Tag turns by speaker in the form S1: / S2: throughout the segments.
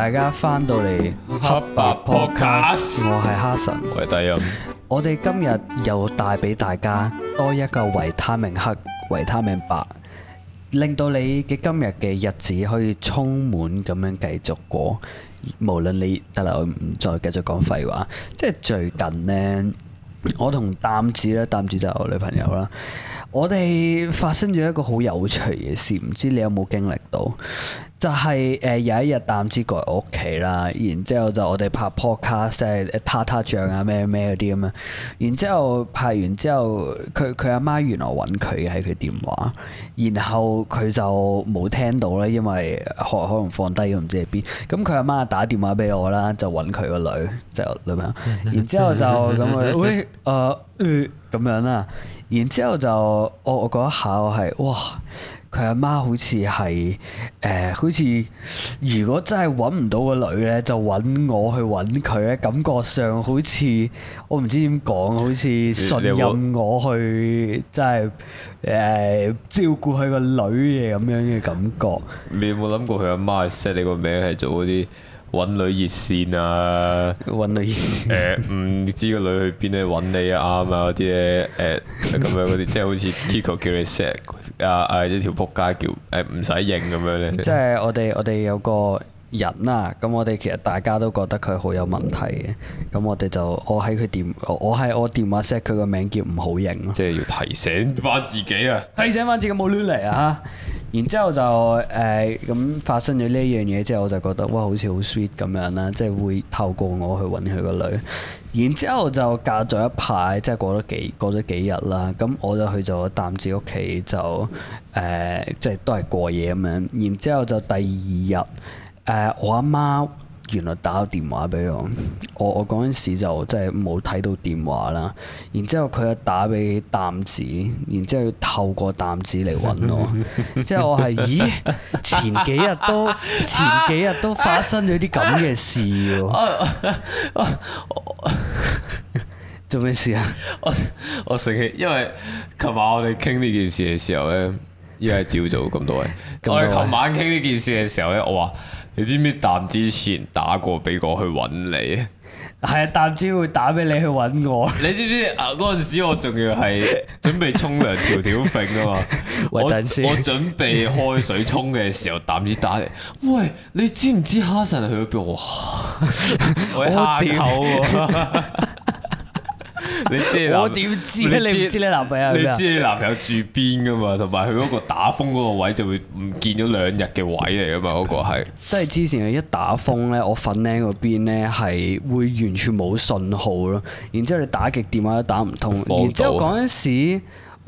S1: 大家返到嚟黑白 podcast，我係哈臣，我係低音，我哋今日又帶俾大家多一個維他命黑、維他命白，令到你嘅今日嘅日子可以充滿咁樣繼續過。無論你得啦，我唔再繼續講廢話。即係最近呢，我同淡子咧，淡子就係我女朋友啦。我哋發生咗一個好有趣嘅事，唔知你有冇經歷到？就係、是、誒有一日擔知過嚟屋企啦，然之後就我哋拍 podcast 即誒塔塔醬啊咩咩嗰啲咁啊，然之後拍完之後，佢佢阿媽原來揾佢嘅，喺佢電話，然後佢就冇聽到咧，因為可能可能放低咗唔知喺邊。咁佢阿媽打電話俾我啦，就揾佢個女，就咁樣 然之後就咁樣誒。 欸呃咁樣啦，然之後就我我嗰一下我係哇，佢阿媽好似係誒好似如果真係揾唔到個女呢，就揾我去揾佢咧，感覺上好似我唔知點講，好似信任我去真係誒、呃、照顧佢個女嘅咁樣嘅感覺。
S2: 你有冇諗過佢阿媽 set 你個名係做嗰啲？揾女熱線啊！揾女熱線誒、呃，唔知個女去邊度揾你啊，啱 啊嗰啲咧咁樣嗰啲，即係好似 Kiko 叫你 set 啊啊一條仆街叫誒唔使應咁樣咧。即係
S1: 我哋我哋有個人啦、啊，咁我哋其實大家都覺得佢好有問題嘅，咁我哋就我喺佢電話我我喺我電話 set 佢個名叫唔好應咯、啊。即係要提醒翻自己啊， 提醒翻自己冇亂嚟啊！ 然之後就誒咁、呃、發生咗呢樣嘢之後我就覺得哇好似好 sweet 咁樣啦，即係會透過我去揾佢個女。然之後就隔咗一排，即係過咗幾過咗幾，幾日啦。咁我就去咗擔子屋企，就誒、呃、即係都係過夜咁樣。然之後就第二日誒、呃、我阿媽。原來打個電話俾我，我我嗰陣時就真係冇睇到電話啦。然之後佢又打俾擔子，然之後透過擔子嚟揾我。之後 我係，咦？前幾日都前幾日都發生咗啲咁嘅事喎、啊。做、啊、咩 事啊？我
S2: 我食氣，因為琴晚我哋傾呢件事嘅時候呢，因為朝早咁多位。多位我哋琴晚傾呢件事嘅時候呢，我話。你知唔知淡之前打過俾我去揾你
S1: 啊？係啊，淡之會打俾你去揾我。
S2: 你知唔知啊？嗰陣時我仲要係準備沖涼，條條揈啊嘛！ 我我準備開水沖嘅時候，淡子打嚟。喂，你知唔知哈臣去咗邊度？我吓尿。 好好癲 你知你我點知你知，你，知你男朋友？你知你男朋友住邊噶嘛？同埋佢嗰個打風嗰個位就會唔見咗兩日嘅位嚟㗎嘛！嗰、嗰個係，
S1: 即係之前佢一打風咧，我粉嶺嗰邊咧係會完全冇信號咯。然之後你打極電話都打唔通。然之後嗰陣時。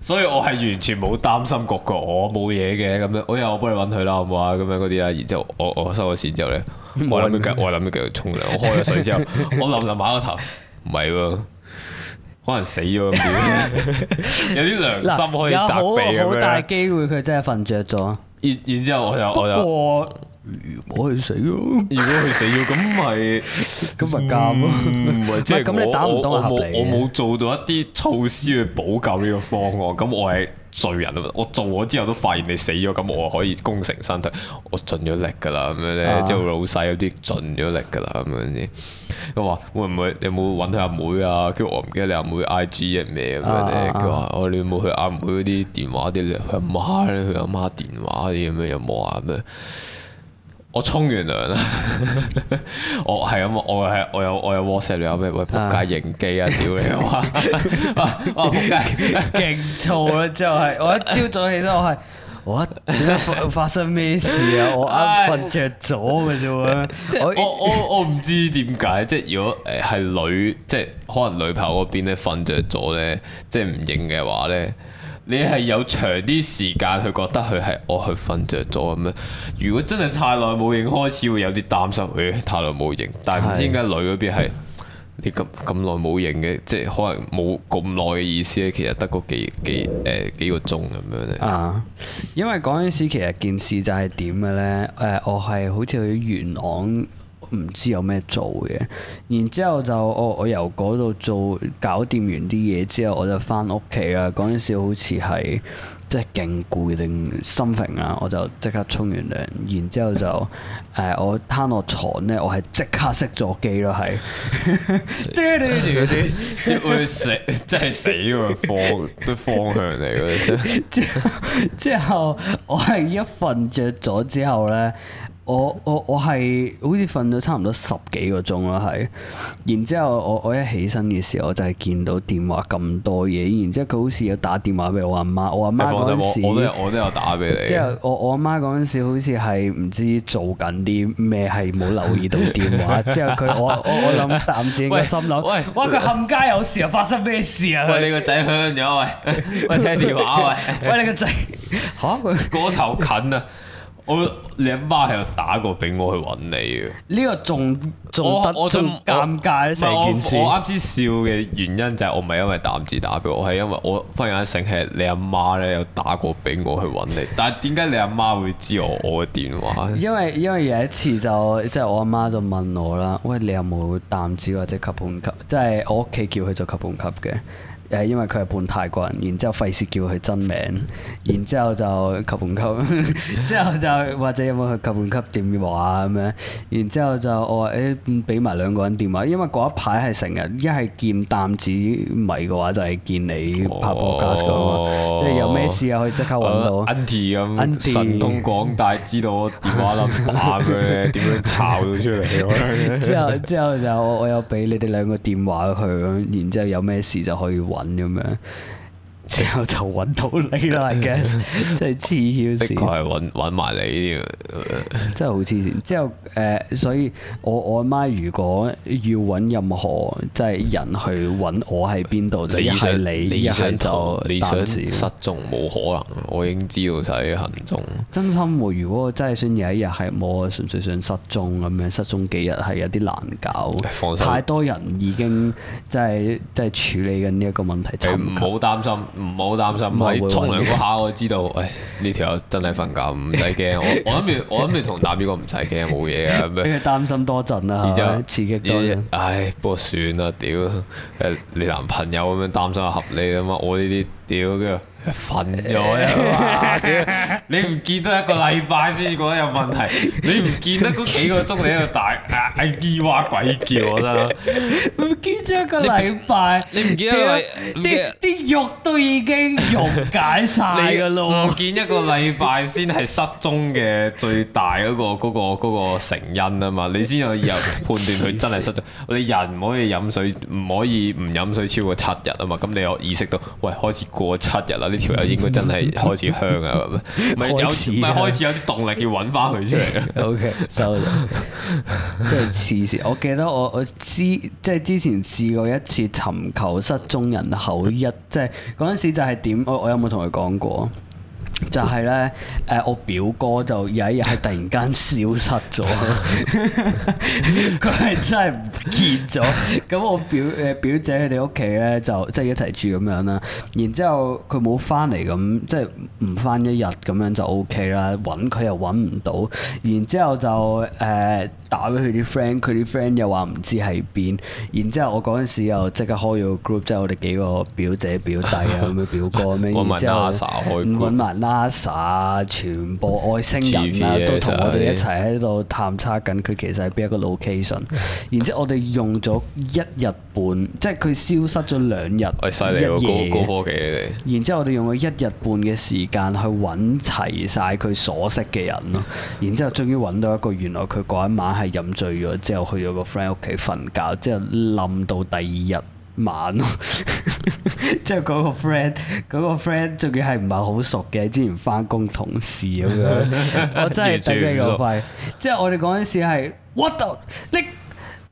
S2: 所以我係完全冇擔心個個、哦哦，我冇嘢嘅咁樣。我又我幫你揾佢啦，好唔好啊？咁樣嗰啲啦，然之後我我收咗錢之後咧玩，我諗住我諗住繼續沖涼，我開咗水之後， 我淋淋埋個頭，唔係喎，可能死咗咁 樣，有啲良心可以責備咁樣。有好大
S1: 機會佢真係瞓着咗，然然之
S2: 後我就……我又。如果佢死咗，如果佢死咗，咁咪，咁咪奸咯？唔係，即係我我我冇做到一啲措施去補救呢個方案，咁我係罪人啊！我做咗之後都發現你死咗，咁我可以功成身退，我盡咗力噶啦咁樣咧，之後老細有啲盡咗力噶啦咁樣先。我話會唔會？你有冇揾佢阿妹啊？跟住我唔記得你阿妹 I G 係咩咁樣咧？佢話我你有冇去阿妹嗰啲電話啲咧？佢阿媽咧？佢阿媽電話啲咁樣有冇啊？咁樣？我沖完涼啦，我係咁，我係我有我有 w a s 你有咩？喂仆街影機啊，屌你啊！
S1: 啊仆街勁燥啊！之後係我一朝早起身，我係我一發生咩事啊？我啱瞓着咗嘅啫喎，即係我
S2: 我我唔知點解，即係如果誒係女，即係可能女朋嗰邊咧瞓着咗咧，即係唔影嘅話咧。你係有長啲時間，佢覺得佢係我去瞓着咗咁樣。如果真係太耐冇影，開始會有啲擔心。佢太耐冇影，但係唔知點解女嗰邊係你咁咁耐冇影嘅，即係可能冇咁耐嘅意思咧。其實得個幾幾誒、呃、幾個鐘咁樣。
S1: 啊，因為嗰陣時其實件事就係點嘅咧？誒、呃，我係好似去元朗。唔知有咩做嘅，然之後我就我就後就、呃、我由嗰度做搞掂完啲嘢之後，我就翻屋企啦。嗰陣時好似係即係勁攰定心饋權啦，我就即刻沖完涼，然之後就誒我攤落床咧，我係即刻熄咗機咯，係即會死
S2: 即係死個方啲方向嚟嘅，
S1: 之後我係一瞓着咗之後咧。我我我係好似瞓咗差唔多十幾個鐘啦，係，然之後我我一起身嘅時候，我就係見到電話咁多嘢，然之後佢好似有打電話俾我阿媽，媽，我阿媽嗰陣時我，我都
S2: 有，有打俾你。即係
S1: 我我阿媽嗰陣時好似係唔知做緊啲咩，係冇留意到電話。 之後佢我我我諗暫時我心諗，喂，哇佢冚
S2: 街有事候、啊、發生咩事啊？喂你個仔響咗喂，喂你聽電話喂， 喂你個仔嚇過頭近啊！我你阿媽係有打過俾我去揾你嘅，呢個仲仲得我仲尷尬成我件事。我啱先笑嘅原因就係我唔係因為淡字打俾我，係因為我忽然間醒，係你阿媽咧有打過俾我去揾你，但係點解你阿媽會知我我嘅電話？
S1: 因為因為有一次就即係、就是、我阿媽就問我啦，喂，你有冇淡字或者吸盤吸，即係我屋企叫佢做吸盤吸嘅。誒，因為佢係半泰國人，然之後費事叫佢真名，然之後就及唔溝，之 後就或者有冇佢溝唔溝電話咁樣。然之後就我話誒，俾、哦、埋兩個人電話，因為嗰一排係成日一係見擔子迷嘅話，就係、是、見你拍 podcast 咁啊，即係有咩事啊可以即刻揾到
S2: Auntie 咁神通廣大，知道我電話 number 嘅點樣抄到出嚟。之 後
S1: 之 後,後就我,我有俾你哋兩個電話佢，然之後有咩事就可以揾咁樣。之後就揾到你啦嘅，即係黐線， 的確係揾揾埋你，真係好黐線。之後誒、呃，所以我我阿媽如果要揾任何即係人去揾我喺邊度， 就一係你， 一係 就，但係失
S2: 蹤冇可能，
S1: 我已經知道晒佢行蹤。真心，如果真係算有一日係冇，純粹想失蹤咁樣，失蹤幾日係有啲難搞。放心 太多人已經即係即係處理緊呢一個問題。唔好
S2: 擔心。唔好擔心，係沖涼嗰下我知道，誒呢條友真係瞓覺，唔使驚。我我諗住我諗住同打呢個唔使驚，冇嘢啊。咁樣
S1: 擔心多陣啦，係咪 就 刺激多啲？
S2: 唉，不過算啦，屌你男朋友咁樣擔心合理啊嘛，我呢啲。屌佢，
S1: 瞓咗啊！屌，
S2: 你唔見得一個禮拜先至覺得有問題，你唔見得嗰幾個鐘你喺度大啊咿哇鬼叫我真啦！
S1: 唔 見咗一個禮拜，你唔見得啲啲肉都已經溶解晒，你個路唔見一個禮
S2: 拜先係失蹤嘅最大嗰、嗰個嗰成因啊嘛，你先有以後判斷佢真係失蹤。你人唔可以飲水，唔可以唔飲水超過七日啊嘛，咁你又意識到，喂，喂開始。過七日啦，呢條友應該真係開始
S1: 香啊！唔係有，唔係開始
S2: 有啲 動力要搵翻佢出嚟啦。O
S1: K，收咗 了。 即係次次，我記得我我之即係之前試過一次尋求失蹤人口一，即係嗰陣時就係點？我我有冇同佢講過？就係咧，誒、呃、我表哥就有一日係突然間消失咗，佢係真係唔見咗。咁我表誒、呃、表姐佢哋屋企咧就即係一齊住咁樣啦。然之後佢冇返嚟咁，即係唔返一日咁樣就 O K 啦。揾佢又揾唔到，然之後就誒。呃打俾佢啲 friend，佢啲 friend 又話唔知喺邊，然之後我嗰陣時又即刻開咗個 group，即係我哋幾個表姐表弟啊，咁樣 表哥咩。我揾埋 NASA 揾埋 NASA，全部外星人啊，喲都同我哋一齊喺度探測緊佢其實係邊一個 location。 然之後我哋用咗一日半，即係佢消失咗兩日一夜，犀利喎，高高、哎、夜科技你哋。然之後我哋用咗一日半嘅時間去揾齊晒佢所識嘅人咯。然之後終於揾到一個原來佢嗰一晚。 係飲醉咗之後去咗個 friend 屋企瞓覺，之後冧到第二日晚咯、 即係。之後嗰個 friend 嗰個 friend 仲要係唔係好熟嘅之前翻工同事咁樣， 我真係頂你個肺。即係我哋嗰陣時係 what the, 你。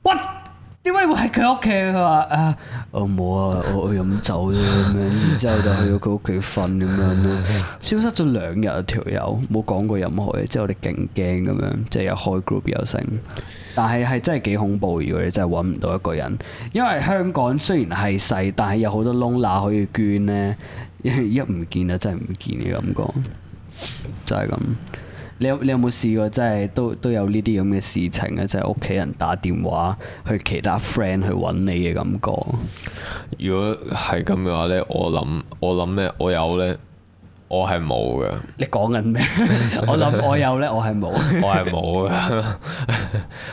S1: what。點解你會喺佢屋企？佢話啊，我冇啊，我去飲酒啫咁樣， 然之後就去到佢屋企瞓咁樣，消失咗兩日條友，冇講過任何嘢，之後我哋勁驚咁樣，即係又開 group 又成。但係係真係幾恐怖，如果你真係揾唔到一個人，因為香港雖然係細，但係有好多窿罅可以捐咧，一唔見啊真係唔見嘅感覺，就係咁。你有你有冇試過即係都都有呢啲咁嘅事情呀？即係屋企人打電話去其他 friend 去揾你嘅感覺。
S2: 如果係咁嘅話呢，我諗我諗咩？我有呢？我係冇嘅。
S1: 你講緊咩？ 我諗我有呢？我係冇。 我係冇嘅。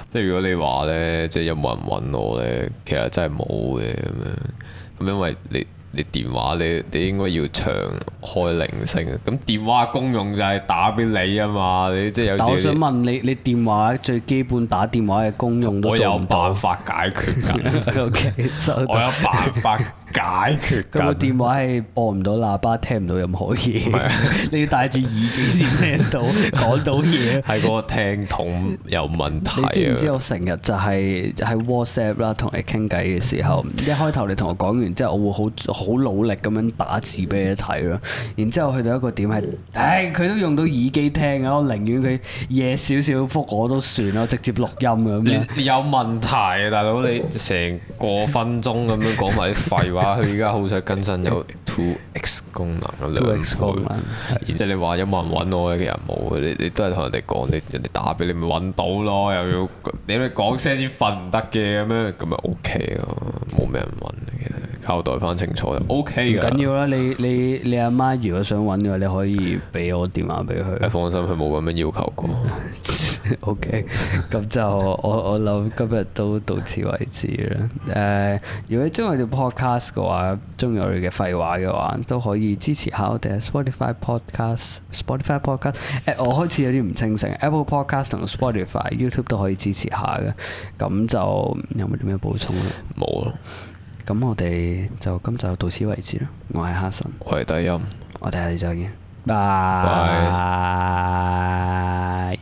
S2: 即係如果你話呢，即係有冇人揾我呢？其實真係冇嘅咁樣。咁因為你。你電話你你應該要長開鈴聲啊，咁電話功用就係打畀你啊嘛，你即係有。就是、但
S1: 我想問你，你電話最基本打電話嘅功用都做唔
S2: 到。我有辦法解
S1: 決。 okay, so 我有辦法。 解決。佢個電話係播唔到喇叭，聽唔到任何嘢。 你
S2: 要戴住耳機先聽到講 到嘢。係 個聽筒有問題，你知唔知
S1: 我成日就係喺 WhatsApp 啦，同你傾偈嘅時候， 一開頭你同我講完之後，我會好好努力咁樣打字俾你睇咯。然之後去到一個點係，唉、哎，佢都用到耳機聽啊，我寧願佢夜少少復我都算啦，直接錄音咁樣。
S2: 你有問題啊，大佬！你成個分鐘咁樣講埋啲廢話。 佢而家好想更新有 Two
S1: X 功能咁樣，
S2: 然之後你話有冇人揾我嘅，其實冇，你你都係同人哋講，你人哋打俾你咪揾到咯。又要 你咪講聲先瞓唔得嘅咁樣、OK，咁咪 OK 咯。冇咩人揾嘅，交代翻清楚就 OK。唔緊
S1: 要啦，你你你阿媽，媽如果想揾嘅話，你可以俾我電話俾佢。你 放心，佢冇咁樣要求過。 O K，咁就我我諗今日都到此為止啦。誒、uh,，如果中意我哋 podcast 嘅話，中意我哋嘅廢話嘅話，都可以支持下我哋。Sp podcast, Spotify podcast，Spotify podcast，誒、欸，我開始有啲唔清醒。Apple podcast 同 Spotify、YouTube 都可以支持下嘅。咁就有冇啲咩補充？冇咯。咁了我哋就今就到此為止啦。我係哈臣，我係低音，我哋下一集見，拜。Bye。